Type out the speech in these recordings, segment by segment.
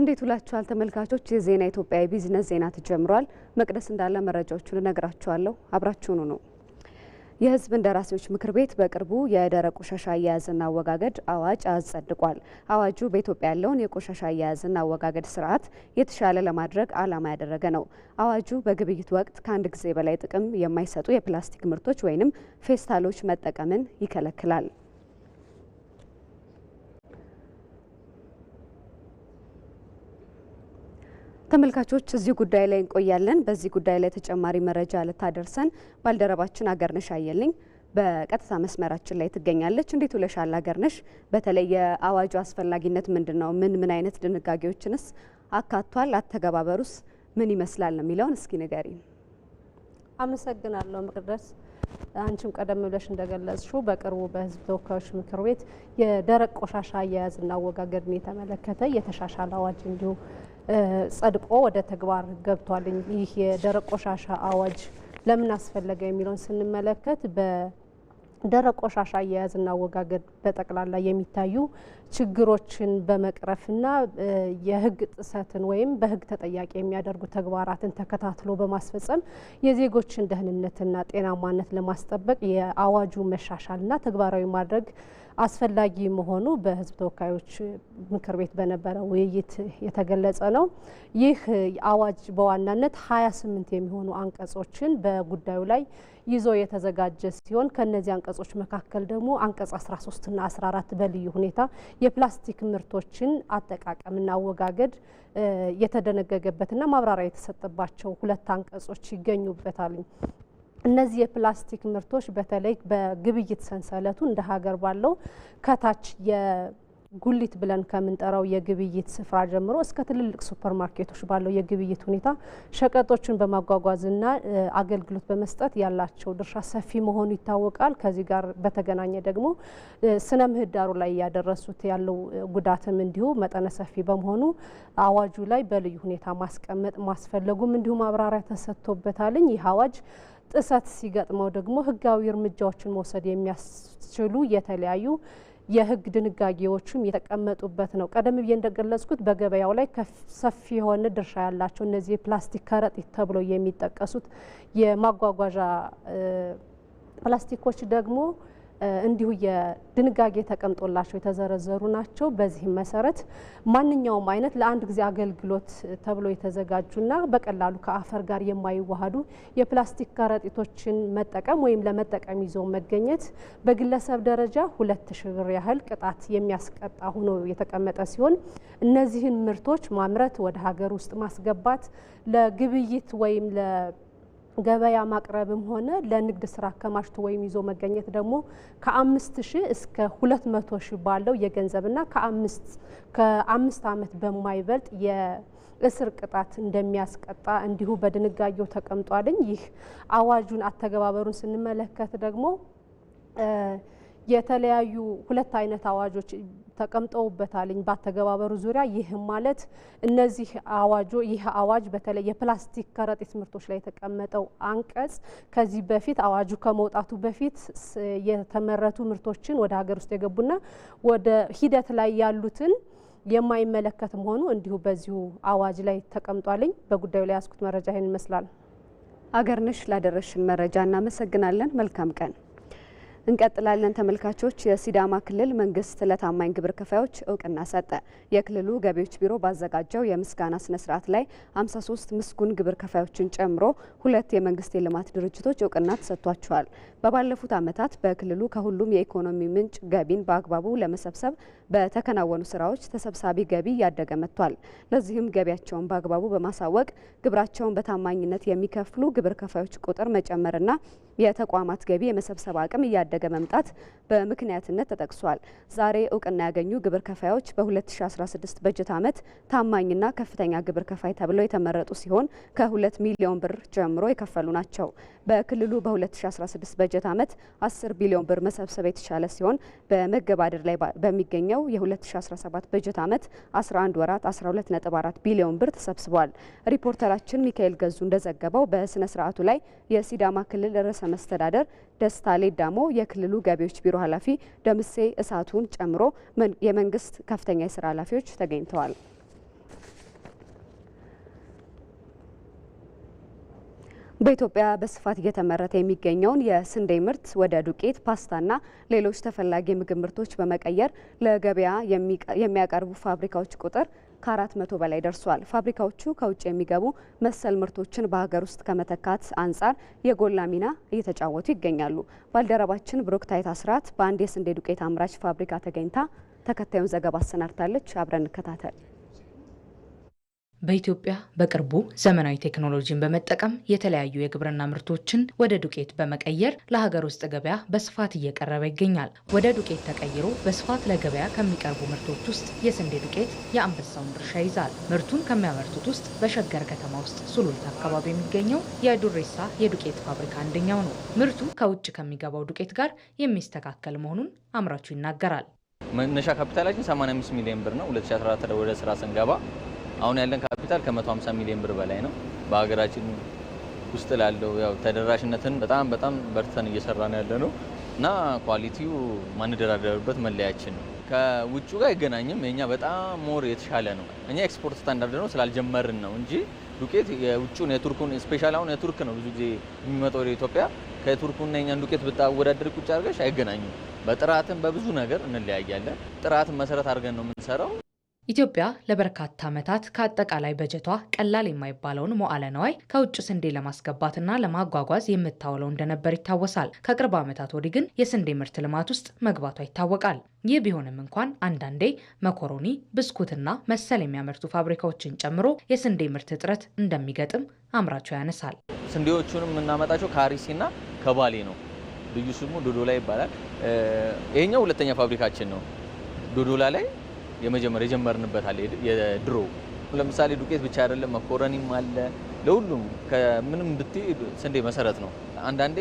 እንዴት ውላችኋል ተመልካቾች? የዜና ኢትዮጵያ የቢዝነስ ዜና ተጀምሯል። መቅደስ እንዳለ መረጃዎቹን እነግራችኋለሁ፣ አብራችሁኑ ነው። የህዝብ እንደራሴዎች ምክር ቤት በቅርቡ የደረቅ ቆሻሻ አያያዝና አወጋገድ አዋጅ አጸድቋል። አዋጁ በኢትዮጵያ ያለውን የቆሻሻ አያያዝና አወጋገድ ስርዓት የተሻለ ለማድረግ ዓላማ ያደረገ ነው። አዋጁ በግብይት ወቅት ከአንድ ጊዜ በላይ ጥቅም የማይሰጡ የፕላስቲክ ምርቶች ወይንም ፌስታሎች መጠቀምን ይከለክላል። ተመልካቾች እዚህ ጉዳይ ላይ እንቆያለን። በዚህ ጉዳይ ላይ ተጨማሪ መረጃ ልታደርሰን ባልደረባችን አገርነሽ አየልኝ በቀጥታ መስመራችን ላይ ትገኛለች። እንዴት ውለሻል አገርነሽ? በተለይ የአዋጁ አስፈላጊነት ምንድን ነው? ምን ምን አይነት ድንጋጌዎችንስ አካቷል? አተገባበሩስ ምን ይመስላል ነው የሚለውን እስኪ ንገሪ። አመሰግናለሁ መቅደስ። አንቺም ቀደም ብለሽ እንደገለጽሽው በቅርቡ በሕዝብ ተወካዮች ምክር ቤት የደረቅ ቆሻሻ አያያዝና አወጋገድን የተመለከተ የተሻሻለ አዋጅ እንዲሁ ጸድቆ ወደ ተግባር ገብቷል። ይህ የደረቅ ቆሻሻ አዋጅ ለምን አስፈለገ የሚለውን ስንመለከት በደረቅ ቆሻሻ አያያዝና አወጋገድ በጠቅላላ የሚታዩ ችግሮችን በመቅረፍና የሕግ ጥሰትን ወይም በሕግ ተጠያቂ የሚያደርጉ ተግባራትን ተከታትሎ በማስፈጸም የዜጎችን ደህንነትና ጤናማነት ለማስጠበቅ የአዋጁ መሻሻልና ተግባራዊ ማድረግ አስፈላጊ መሆኑ በህዝብ ተወካዮች ምክር ቤት በነበረ ውይይት የተገለጸ ነው። ይህ አዋጅ በዋናነት 28 የሚሆኑ አንቀጾችን በጉዳዩ ላይ ይዞ የተዘጋጀ ሲሆን ከነዚህ አንቀጾች መካከል ደግሞ አንቀጽ 13ና 14 በልዩ ሁኔታ የፕላስቲክ ምርቶችን አጠቃቀምና አወጋገድ የተደነገገበትና ማብራሪያ የተሰጠባቸው ሁለት አንቀጾች ይገኙበታል። እነዚህ የፕላስቲክ ምርቶች በተለይ በግብይት ሰንሰለቱ እንደ ሀገር ባለው ከታች ጉሊት ብለን ከምንጠራው የግብይት ስፍራ ጀምሮ እስከ ትልልቅ ሱፐር ማርኬቶች ባለው የግብይት ሁኔታ ሸቀጦችን በማጓጓዝና አገልግሎት በመስጠት ያላቸው ድርሻ ሰፊ መሆኑ ይታወቃል። ከዚህ ጋር በተገናኘ ደግሞ ስነ ምህዳሩ ላይ ያደረሱት ያለው ጉዳትም እንዲሁ መጠነ ሰፊ በመሆኑ አዋጁ ላይ በልዩ ሁኔታ ማስቀመጥ ማስፈለጉም እንዲሁ ማብራሪያ ተሰጥቶበታልኝ ይህ አዋጅ ጥሰት ሲገጥመው ደግሞ ህጋዊ እርምጃዎችን መውሰድ የሚያስችሉ የተለያዩ የህግ ድንጋጌዎችም የተቀመጡበት ነው። ቀደም ብዬ እንደገለጽኩት በገበያው ላይ ሰፊ የሆነ ድርሻ ያላቸው እነዚህ የፕላስቲክ ከረጢት ተብለው የሚጠቀሱት የማጓጓዣ ፕላስቲኮች ደግሞ እንዲሁ የድንጋጌ ተቀምጦላቸው የተዘረዘሩ ናቸው። በዚህም መሰረት ማንኛውም አይነት ለአንድ ጊዜ አገልግሎት ተብሎ የተዘጋጁና በቀላሉ ከአፈር ጋር የማይዋሃዱ የፕላስቲክ ከረጢቶችን መጠቀም ወይም ለመጠቀም ይዞ መገኘት በግለሰብ ደረጃ ሁለት ሺ ብር ያህል ቅጣት የሚያስቀጣ ሆኖ የተቀመጠ ሲሆን እነዚህን ምርቶች ማምረት፣ ወደ ሀገር ውስጥ ማስገባት፣ ለግብይት ወይም ገበያ ማቅረብም ሆነ ለንግድ ስራ አከማችቶ ወይም ይዞ መገኘት ደግሞ ከአምስት ሺህ እስከ ሁለት መቶ ሺህ ባለው የገንዘብና ከአምስት ከአምስት ዓመት በማይበልጥ የእስር ቅጣት እንደሚያስቀጣ እንዲሁ በድንጋጌው ተቀምጧልኝ። ይህ አዋጁን አተገባበሩን ስንመለከት ደግሞ የተለያዩ ሁለት አይነት አዋጆች ተቀምጠውበታልኝ በአተገባበሩ ዙሪያ ይህም ማለት እነዚህ አዋጆ ይህ አዋጅ በተለይ የፕላስቲክ ከረጢት ምርቶች ላይ የተቀመጠው አንቀጽ ከዚህ በፊት አዋጁ ከመውጣቱ በፊት የተመረቱ ምርቶችን ወደ ሀገር ውስጥ የገቡና ወደ ሂደት ላይ ያሉትን የማይመለከት መሆኑ እንዲሁ በዚሁ አዋጅ ላይ ተቀምጧልኝ። በጉዳዩ ላይ ያስኩት መረጃ ይህን ይመስላል። አገርነሽ ላደረሽን መረጃ እናመሰግናለን። መልካም ቀን እንቀጥላለን ተመልካቾች። የሲዳማ ክልል መንግስት ለታማኝ ግብር ከፋዮች እውቅና ሰጠ። የክልሉ ገቢዎች ቢሮ ባዘጋጀው የምስጋና ስነ ስርዓት ላይ 53 ምስጉን ግብር ከፋዮችን ጨምሮ ሁለት የመንግስት የልማት ድርጅቶች እውቅና ተሰጥቷቸዋል። በባለፉት ዓመታት በክልሉ ከሁሉም የኢኮኖሚ ምንጭ ገቢን በአግባቡ ለመሰብሰብ በተከናወኑ ስራዎች ተሰብሳቢ ገቢ እያደገ መጥቷል። ለዚህም ገቢያቸውን በአግባቡ በማሳወቅ ግብራቸውን በታማኝነት የሚከፍሉ ግብር ከፋዮች ቁጥር መጨመርና የተቋማት ገቢ የመሰብሰብ አቅም እያደገ መምጣት በምክንያትነት ተጠቅሷል። ዛሬ እውቅና ያገኙ ግብር ከፋዮች በ2016 በጀት ዓመት ታማኝና ከፍተኛ ግብር ከፋይ ተብለው የተመረጡ ሲሆን ከ2 ሚሊዮን ብር ጀምሮ የከፈሉ ናቸው። በክልሉ በ2016 በጀት ዓመት 10 ቢሊዮን ብር መሰብሰብ የተቻለ ሲሆን በመገባደድ ላይ በሚገኘው የ2017 በጀት ዓመት 11 ወራት 12.4 ቢሊዮን ብር ተሰብስቧል። ሪፖርተራችን ሚካኤል ገዙ እንደዘገበው በስነ ስርዓቱ ላይ የሲዳማ ክልል ርዕሰ መስተዳደር ደስታ ሌዳሞ፣ የክልሉ ገቢዎች ቢሮ ኃላፊ ደምሴ እሳቱን ጨምሮ የመንግስት ከፍተኛ የስራ ኃላፊዎች ተገኝተዋል። በኢትዮጵያ በስፋት እየተመረተ የሚገኘውን የስንዴ ምርት ወደ ዱቄት፣ ፓስታና ሌሎች ተፈላጊ ምግብ ምርቶች በመቀየር ለገበያ የሚያቀርቡ ፋብሪካዎች ቁጥር ከአራት መቶ በላይ ደርሷል። ፋብሪካዎቹ ከውጭ የሚገቡ መሰል ምርቶችን በሀገር ውስጥ ከመተካት አንጻር የጎላ ሚና እየተጫወቱ ይገኛሉ። ባልደረባችን ብሩክታይት አስራት በአንድ የስንዴ ዱቄት አምራች ፋብሪካ ተገኝታ ተከታዩን ዘገባ አሰናድታለች። አብረን እንከታተል። በኢትዮጵያ በቅርቡ ዘመናዊ ቴክኖሎጂን በመጠቀም የተለያዩ የግብርና ምርቶችን ወደ ዱቄት በመቀየር ለሀገር ውስጥ ገበያ በስፋት እየቀረበ ይገኛል። ወደ ዱቄት ተቀይሮ በስፋት ለገበያ ከሚቀርቡ ምርቶች ውስጥ የስንዴ ዱቄት የአንበሳውን ድርሻ ይዛል። ምርቱን ከሚያመርቱት ውስጥ በሸገር ከተማ ውስጥ ሱሉልት አካባቢ የሚገኘው የዱሬሳ የዱቄት ፋብሪካ አንደኛው ነው። ምርቱ ከውጭ ከሚገባው ዱቄት ጋር የሚስተካከል መሆኑን አምራቹ ይናገራል። መነሻ ካፒታላችን 85 ሚሊዮን ብር ነው። 2014 ወደ ስራ ስንገባ አሁን ያለን ካፒታል ከ150 ሚሊዮን ብር በላይ ነው። በሀገራችን ውስጥ ላለው ያው ተደራሽነትን በጣም በጣም በርተን እየሰራ ነው ያለ ነው እና ኳሊቲው ማንደራደርበት መለያችን ነው። ከውጭ ጋር አይገናኝም። የኛ በጣም ሞር የተሻለ ነው። እኛ ኤክስፖርት ስታንዳርድ ነው ስላልጀመርን ነው እንጂ ዱቄት የውጭን የቱርኩን ስፔሻል አሁን የቱርክ ነው ብዙ ጊዜ የሚመጣው ወደ ኢትዮጵያ። ከቱርኩና የኛን ዱቄት ብታወዳደር ቁጭ አድርገሽ አይገናኙም። በጥራትም በብዙ ነገር እንለያያለን። ጥራትን መሰረት አድርገን ነው የምንሰራው። ኢትዮጵያ ለበርካታ ዓመታት ከአጠቃላይ በጀቷ ቀላል የማይባለውን መዋዕለ ነዋይ ከውጭ ስንዴ ለማስገባትና ለማጓጓዝ የምታውለው እንደነበር ይታወሳል። ከቅርብ ዓመታት ወዲህ ግን የስንዴ ምርት ልማት ውስጥ መግባቷ ይታወቃል። ይህ ቢሆንም እንኳን አንዳንዴ መኮሮኒ፣ ብስኩትና መሰል የሚያመርቱ ፋብሪካዎችን ጨምሮ የስንዴ ምርት እጥረት እንደሚገጥም አምራቹ ያነሳል። ስንዴዎቹንም የምናመጣቸው ከአርሲና ከባሌ ነው። ልዩ ስሙ ዶዶላ ይባላል። ይሄኛው ሁለተኛ ፋብሪካችን ነው ዶዶላ ላይ የመጀመር የጀመርንበት አለ የድሮ ለምሳሌ ዱቄት ብቻ አይደለም፣ መኮረኒም አለ። ለሁሉም ከምንም ብትሄድ ስንዴ መሰረት ነው። አንዳንዴ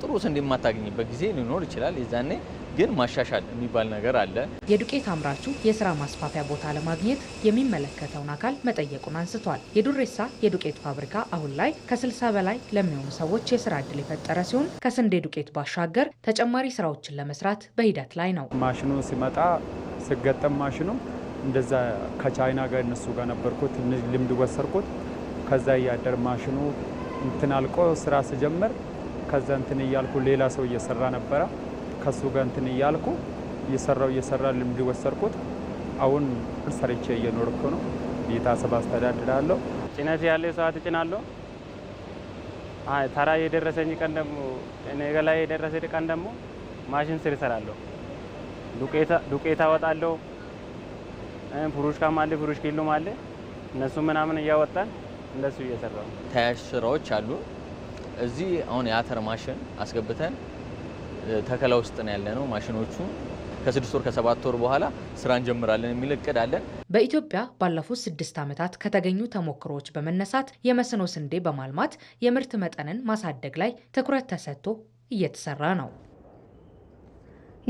ጥሩ ስንዴ የማታገኝበት ጊዜ ሊኖር ይችላል። የዛኔ ግን ማሻሻል የሚባል ነገር አለ። የዱቄት አምራቹ የስራ ማስፋፊያ ቦታ ለማግኘት የሚመለከተውን አካል መጠየቁን አንስቷል። የዱሬሳ የዱቄት ፋብሪካ አሁን ላይ ከ60 በላይ ለሚሆኑ ሰዎች የስራ እድል የፈጠረ ሲሆን ከስንዴ ዱቄት ባሻገር ተጨማሪ ስራዎችን ለመስራት በሂደት ላይ ነው። ማሽኑ ሲመጣ ስገጠም ማሽኑም እንደዛ ከቻይና ጋር እነሱ ጋር ነበርኩት ልምድ ወሰርኩት። ከዛ እያደር ማሽኑ እንትን አልቆ ስራ ስጀምር ከዛ እንትን እያልኩ ሌላ ሰው እየሰራ ነበረ። ከሱ ጋር እንትን እያልኩ እየሰራው እየሰራ ልምድ ወሰርኩት። አሁን ሰርቼ እየኖርኩ ነው። ቤተሰብ አስተዳድራለሁ። ጭነት ያለ ሰዓት እጭናለሁ። ተራ የደረሰኝ ቀን ደግሞ እኔ ላይ የደረሰ ቀን ደግሞ ማሽን ስር እሰራለሁ። ዱቄት አወጣለሁ። ፉሩሽካም አለ ፍሩሽ ኪሎም አለ። እነሱ ምናምን እያወጣን እንደሱ እየሰራ ነው። ተያያዥ ስራዎች አሉ። እዚህ አሁን የአተር ማሽን አስገብተን ተከላ ውስጥ ነው ያለ ነው ማሽኖቹ ከስድስት ወር ከሰባት ወር በኋላ ስራ እንጀምራለን የሚል እቅድ አለን። በኢትዮጵያ ባለፉት ስድስት ዓመታት ከተገኙ ተሞክሮዎች በመነሳት የመስኖ ስንዴ በማልማት የምርት መጠንን ማሳደግ ላይ ትኩረት ተሰጥቶ እየተሰራ ነው።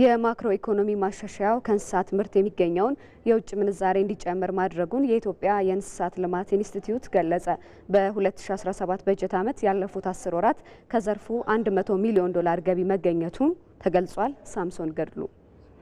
የማክሮ ኢኮኖሚ ማሻሻያው ከእንስሳት ምርት የሚገኘውን የውጭ ምንዛሬ እንዲጨምር ማድረጉን የኢትዮጵያ የእንስሳት ልማት ኢንስቲትዩት ገለጸ። በ2017 በጀት ዓመት ያለፉት አስር ወራት ከዘርፉ 100 ሚሊዮን ዶላር ገቢ መገኘቱን ተገልጿል። ሳምሶን ገድሉ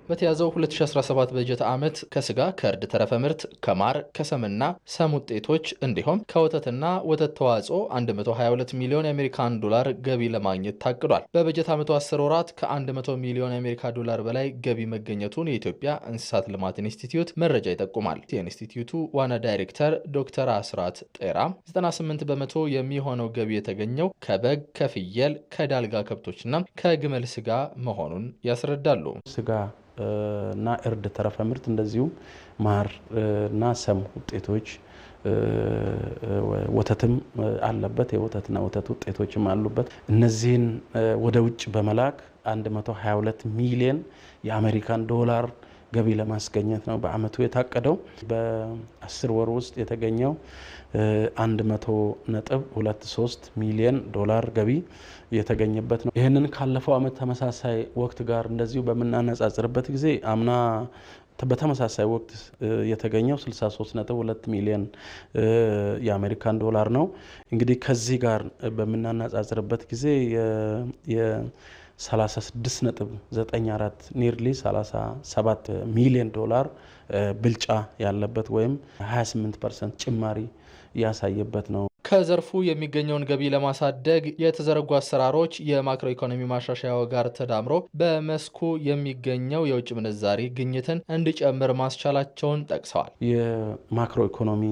በተያዘው 2017 በጀት ዓመት ከስጋ፣ ከእርድ ተረፈ ምርት፣ ከማር፣ ከሰምና ሰም ውጤቶች እንዲሁም ከወተትና ወተት ተዋጽኦ 122 ሚሊዮን የአሜሪካን ዶላር ገቢ ለማግኘት ታቅዷል። በበጀት ዓመቱ 10 ወራት ከ100 ሚሊዮን የአሜሪካ ዶላር በላይ ገቢ መገኘቱን የኢትዮጵያ እንስሳት ልማት ኢንስቲትዩት መረጃ ይጠቁማል። የኢንስቲትዩቱ ዋና ዳይሬክተር ዶክተር አስራት ጤራ 98 በመቶ የሚሆነው ገቢ የተገኘው ከበግ፣ ከፍየል፣ ከዳልጋ ከብቶችና ከግመል ስጋ መሆኑን ያስረዳሉ። እና እርድ ተረፈ ምርት እንደዚሁም ማር እና ሰም ውጤቶች ወተትም አለበት። የወተትና ወተት ውጤቶችም አሉበት። እነዚህን ወደ ውጭ በመላክ 122 ሚሊዮን የአሜሪካን ዶላር ገቢ ለማስገኘት ነው በአመቱ የታቀደው። በአስር ወር ውስጥ የተገኘው ነጥብ ሶስት ሚሊዮን ዶላር ገቢ የተገኘበት ነው። ይህንን ካለፈው አመት ተመሳሳይ ወቅት ጋር እንደዚሁ በምናነጻጽርበት ጊዜ አምና በተመሳሳይ ወቅት የተገኘው 63.2 ሚሊዮን የአሜሪካን ዶላር ነው። እንግዲህ ከዚህ ጋር በምናነጻጽርበት ጊዜ 36.94 ኒርሊ 37 ሚሊዮን ዶላር ብልጫ ያለበት ወይም 28 ፐርሰንት ጭማሪ ያሳየበት ነው። ከዘርፉ የሚገኘውን ገቢ ለማሳደግ የተዘረጉ አሰራሮች የማክሮ ኢኮኖሚ ማሻሻያው ጋር ተዳምሮ በመስኩ የሚገኘው የውጭ ምንዛሪ ግኝትን እንዲጨምር ማስቻላቸውን ጠቅሰዋል። የማክሮ ኢኮኖሚ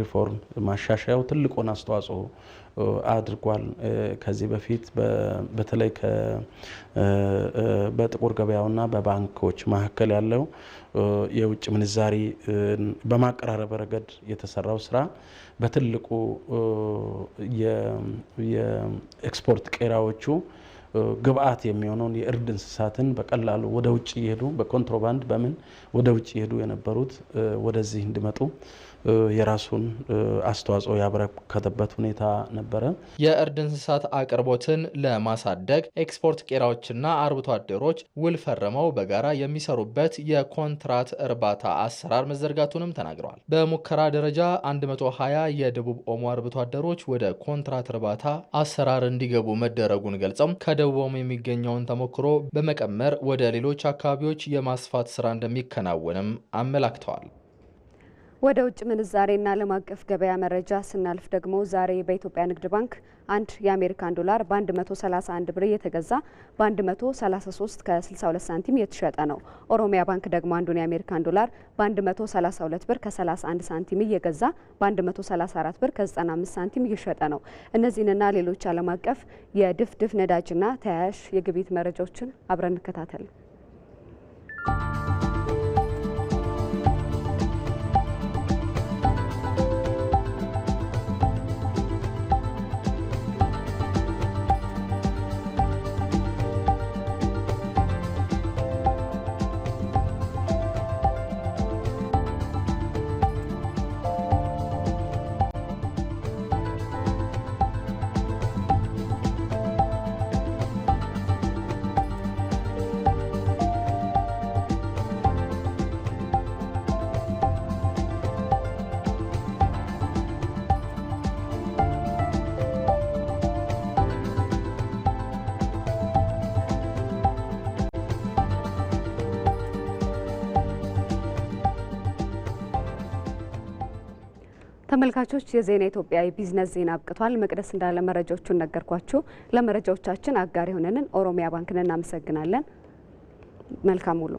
ሪፎርም ማሻሻያው ትልቁን አስተዋጽኦ አድርጓል። ከዚህ በፊት በተለይ በጥቁር ገበያውና በባንኮች መካከል ያለው የውጭ ምንዛሪ በማቀራረብ ረገድ የተሰራው ስራ በትልቁ የኤክስፖርት ቄራዎቹ ግብአት የሚሆነውን የእርድ እንስሳትን በቀላሉ ወደ ውጭ እየሄዱ በኮንትሮባንድ በምን ወደ ውጭ እየሄዱ የነበሩት ወደዚህ እንዲመጡ የራሱን አስተዋጽኦ ያበረከተበት ሁኔታ ነበረ። የእርድ እንስሳት አቅርቦትን ለማሳደግ ኤክስፖርት ቄራዎችና አርብቶ አደሮች ውል ፈርመው በጋራ የሚሰሩበት የኮንትራት እርባታ አሰራር መዘርጋቱንም ተናግረዋል። በሙከራ ደረጃ 120 የደቡብ ኦሞ አርብቶ አደሮች ወደ ኮንትራት እርባታ አሰራር እንዲገቡ መደረጉን ገልጸው ከደቡቡም የሚገኘውን ተሞክሮ በመቀመር ወደ ሌሎች አካባቢዎች የማስፋት ስራ እንደሚከናወንም አመላክተዋል። ወደ ውጭ ምንዛሬና ዓለም አቀፍ ገበያ መረጃ ስናልፍ ደግሞ ዛሬ በኢትዮጵያ ንግድ ባንክ አንድ የአሜሪካን ዶላር በ131 ብር እየተገዛ በ133 ከ62 ሳንቲም እየተሸጠ ነው። ኦሮሚያ ባንክ ደግሞ አንዱን የአሜሪካን ዶላር በ132 ብር ከ31 ሳንቲም እየገዛ በ134 ብር ከ95 ሳንቲም እየሸጠ ነው። እነዚህንና ሌሎች ዓለም አቀፍ የድፍድፍ ነዳጅና ተያያዥ የግብይት መረጃዎችን አብረን እንከታተል። ተመልካቾች የዜና ኢትዮጵያ የቢዝነስ ዜና አብቅቷል። መቅደስ እንዳለ መረጃዎቹን ነገርኳችሁ። ለመረጃዎቻችን አጋር የሆነንን ኦሮሚያ ባንክን እናመሰግናለን። መልካም ውሎ